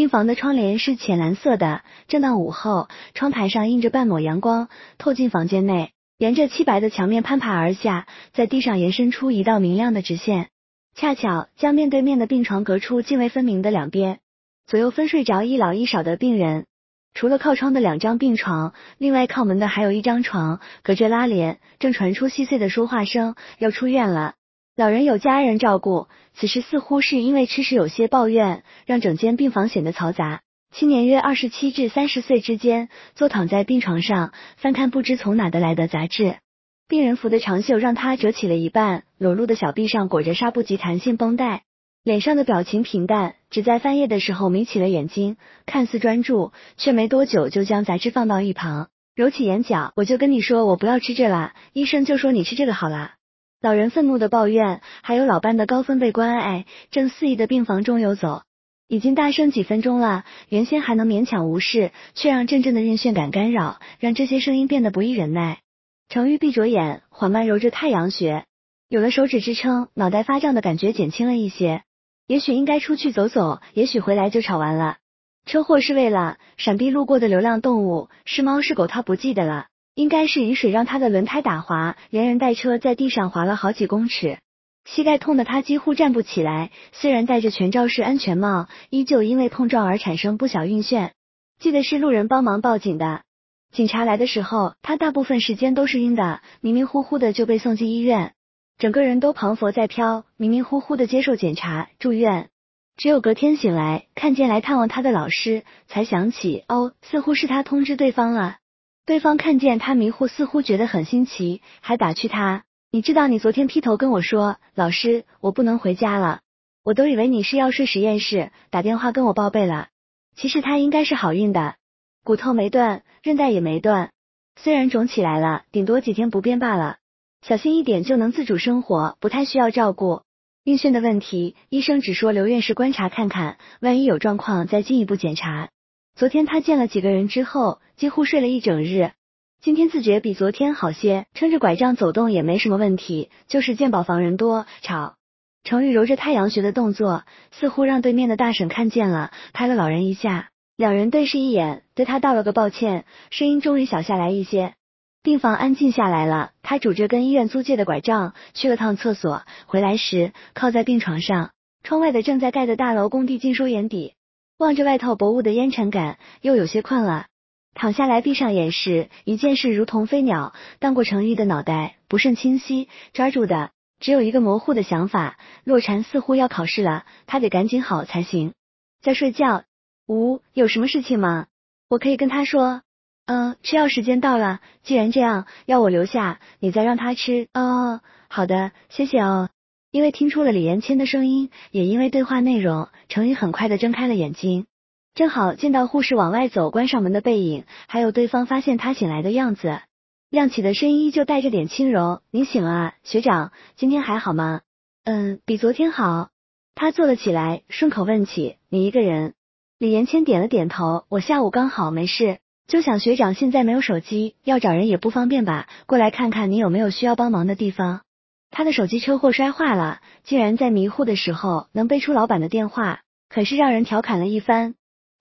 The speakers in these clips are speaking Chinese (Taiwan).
病房的窗簾是淺藍色的，正當午後，窗台上映着半抹陽光，透進房間內，沿着漆白的牆面攀爬而下，在地上延伸出一道明亮的直線，恰巧將面對面的病床隔出涇渭分明的兩邊，左右分睡着一老一少的病人。除了靠窗的兩張病床，另外靠門的還有一張床，隔着拉簾，正傳出細碎的說話聲，要出院了。老人有家人照顧，此時似乎是因為吃食有些抱怨，讓整間病房顯得嘈雜。青年約二十七至三十歲之間，坐躺在病床上翻看不知從哪得來的雜誌。病人服的長袖讓他折起了一半，裸露的小臂上裹着紗布及彈性繃帶，臉上的表情平淡，只在翻頁的時候眯起了眼睛，看似專注，卻沒多久就將雜誌放到一旁，揉起眼角。我就跟你說，我不要吃這啦，醫生就說你吃這個好啦。老人憤怒的抱怨，還有老伴的高分貝關愛，正肆意的病房中游走，已經大聲幾分鐘了。原先還能勉強無視，卻讓陣陣的暈眩感干擾，讓這些聲音變得不易忍耐。程玉閉着眼，緩慢揉着太陽穴，有了手指支撐，腦袋發脹的感覺減輕了一些。也許應該出去走走，也許回來就吵完了。車禍是為了閃避路過的流浪動物，是貓是狗他不記得了。應該是雨水讓他的輪胎打滑，連人帶車在地上滑了好幾公尺，膝蓋痛的他幾乎站不起來。雖然戴着全罩式安全帽，依舊因為碰撞而產生不小暈眩。記得是路人幫忙報警的，警察來的時候，他大部分時間都是暈的，迷迷糊糊的就被送進醫院，整個人都彷彿在飄，迷迷糊糊的接受檢查、住院。只有隔天醒來，看見來探望他的老師，才想起，哦，似乎是他通知對方了。對方看見他迷糊，似乎覺得很新奇，還打趣他：“你知道，你昨天劈頭跟我說，老師，我不能回家了，我都以為你是要睡實驗室，打電話跟我報備了。其實他應該是好運的，骨頭沒斷，韌帶也沒斷，雖然腫起來了，頂多幾天不便罷了，小心一點就能自主生活，不太需要照顧。暈眩的問題，醫生只說留院觀察看看，萬一有狀況再進一步檢查。”昨天他見了幾個人之後，幾乎睡了一整日。今天自覺比昨天好些，撐着拐杖走動也沒什麼問題，就是健保房人多吵。程宇揉着太陽穴的動作，似乎讓對面的大嬸看見了，拍了老人一下。兩人對視一眼，對他道了個抱歉，聲音終於小下來一些。病房安靜下來了。他拄着跟醫院租借的拐杖去了趟廁所，回來時靠在病床上，窗外的正在蓋的大樓工地盡收眼底。望着外套薄霧的煙塵感，又有些困了，躺下來閉上眼時，一件事如同飛鳥蕩過成昱的腦袋，不甚清晰，抓住的只有一個模糊的想法：洛塵似乎要考試了，他得趕緊好才行。在睡覺，無、呃、有什麼事情嗎？我可以跟他說。嗯，吃藥時間到了，既然這樣，要我留下，你再讓他吃。哦，好的，謝謝哦。因為聽出了李延謙的聲音，也因為對話內容，程宇很快的睜開了眼睛，正好見到護士往外走、關上門的背影，還有對方發現他醒來的樣子。亮起的聲音依舊帶着點輕柔：“你醒了啊，學長，今天還好嗎？”“嗯，比昨天好。”他坐了起來，順口問起：“你一個人？”李延謙點了點頭：“我下午剛好沒事，就想學長現在沒有手機，要找人也不方便吧？過來看看你有沒有需要幫忙的地方。”他的手機車禍摔壞了，竟然在迷糊的時候能背出老闆的電話，可是讓人調侃了一番。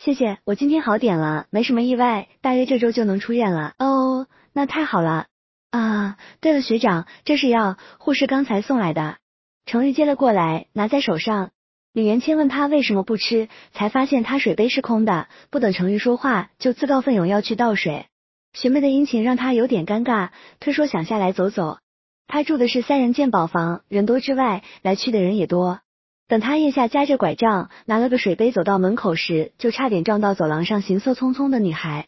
謝謝，我今天好點了，沒什麼意外，大約這周就能出院了。哦、oh,，那太好了。啊、uh,，對了，學長，這是藥，護士剛才送來的。程玉接了過來，拿在手上。李元清問他為什麼不吃，才發現他水杯是空的。不等程玉說話，就自告奮勇要去倒水。學妹的殷勤讓他有點尷尬，推說想下來走走。他住的是三人間寶房，人多之外，來去的人也多。等他腋下夾着拐杖，拿了個水杯走到門口時，就差點撞到走廊上行色匆匆的女孩。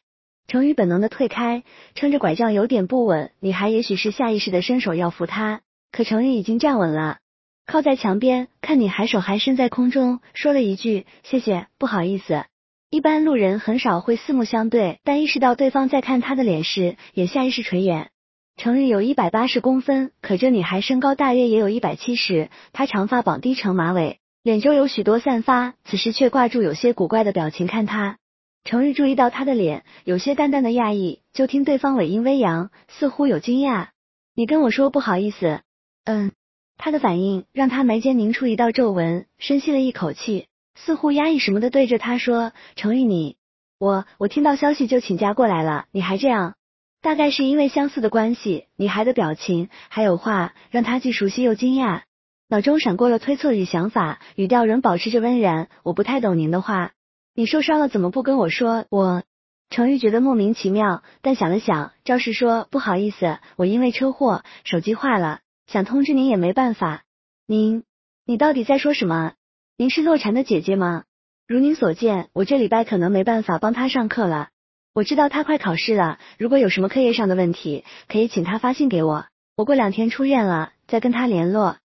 程宇本能的退開，撐着拐杖有點不穩。女孩也許是下意識的伸手要扶他，可程宇已經站穩了，靠在牆邊，看女孩手還伸在空中，說了一句謝謝，不好意思。一般路人很少會四目相對，但意識到對方在看他的臉時，也下意識垂眼。程昱有一百八十公分，可這女孩身高大約也有一百七十。她長髮綁低成馬尾，臉周有許多散髮，此時卻掛住有些古怪的表情看她。程昱注意到她的臉，有些淡淡的訝異。就聽對方尾音微揚，似乎有驚訝：“你跟我說不好意思。”嗯。他的反應讓他眉間凝出一道皺紋，深吸了一口氣，似乎壓抑什麼的，對着他說：“程昱，你我我聽到消息就請假過來了，你還這樣。”大概是因為相似的關係，女孩的表情還有話，讓他既熟悉又驚訝。腦中閃過了推測與想法，語調仍保持着溫然。我不太懂您的話，你受傷了怎麼不跟我說？我程昱覺得莫名其妙，但想了想，照實說：“不好意思，我因為車禍，手機壞了，想通知您也沒辦法。”您，你到底在說什麼？您是洛蟬的姐姐嗎？如您所見，我這禮拜可能沒辦法幫他上課了。我知道他快考試了，如果有什麼課業上的問題，可以請他發信給我。我過兩天出院了，再跟他聯絡。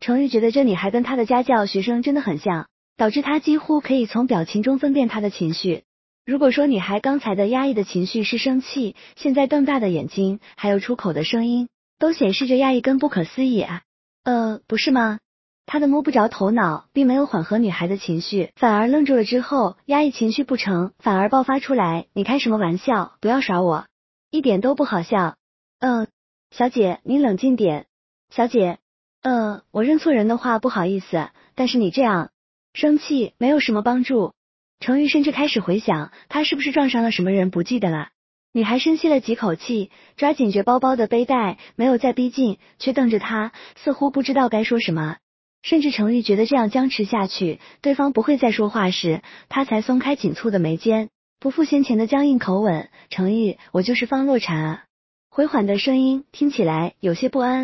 程昱覺得這女孩跟他的家教學生真的很像，導致他幾乎可以從表情中分辨他的情緒。如果說女孩剛才的壓抑的情緒是生氣，現在瞪大的眼睛，還有出口的聲音，都顯示着壓抑跟不可思議啊，呃，不是嗎？他的摸不着頭腦，並沒有緩和女孩的情緒，反而愣住了。之後壓抑情緒不成，反而爆發出來：“你開什麼玩笑？不要耍我，一點都不好笑。”“嗯，小姐，你冷靜點。”“小姐，嗯，我認錯人的話，不好意思。但是你這樣生氣沒有什麼幫助。”程玉甚至開始回想，他是不是撞上了什麼人，不記得了。女孩深吸了幾口氣，抓緊着包包的背帶，沒有再逼近，卻瞪着他，似乎不知道該說什麼。甚至程玉覺得這樣僵持下去，對方不會再說話時，他才鬆開緊蹙的眉間，不復先前的僵硬口吻。程玉，我就是方若茶啊，回緩的聲音聽起來有些不安。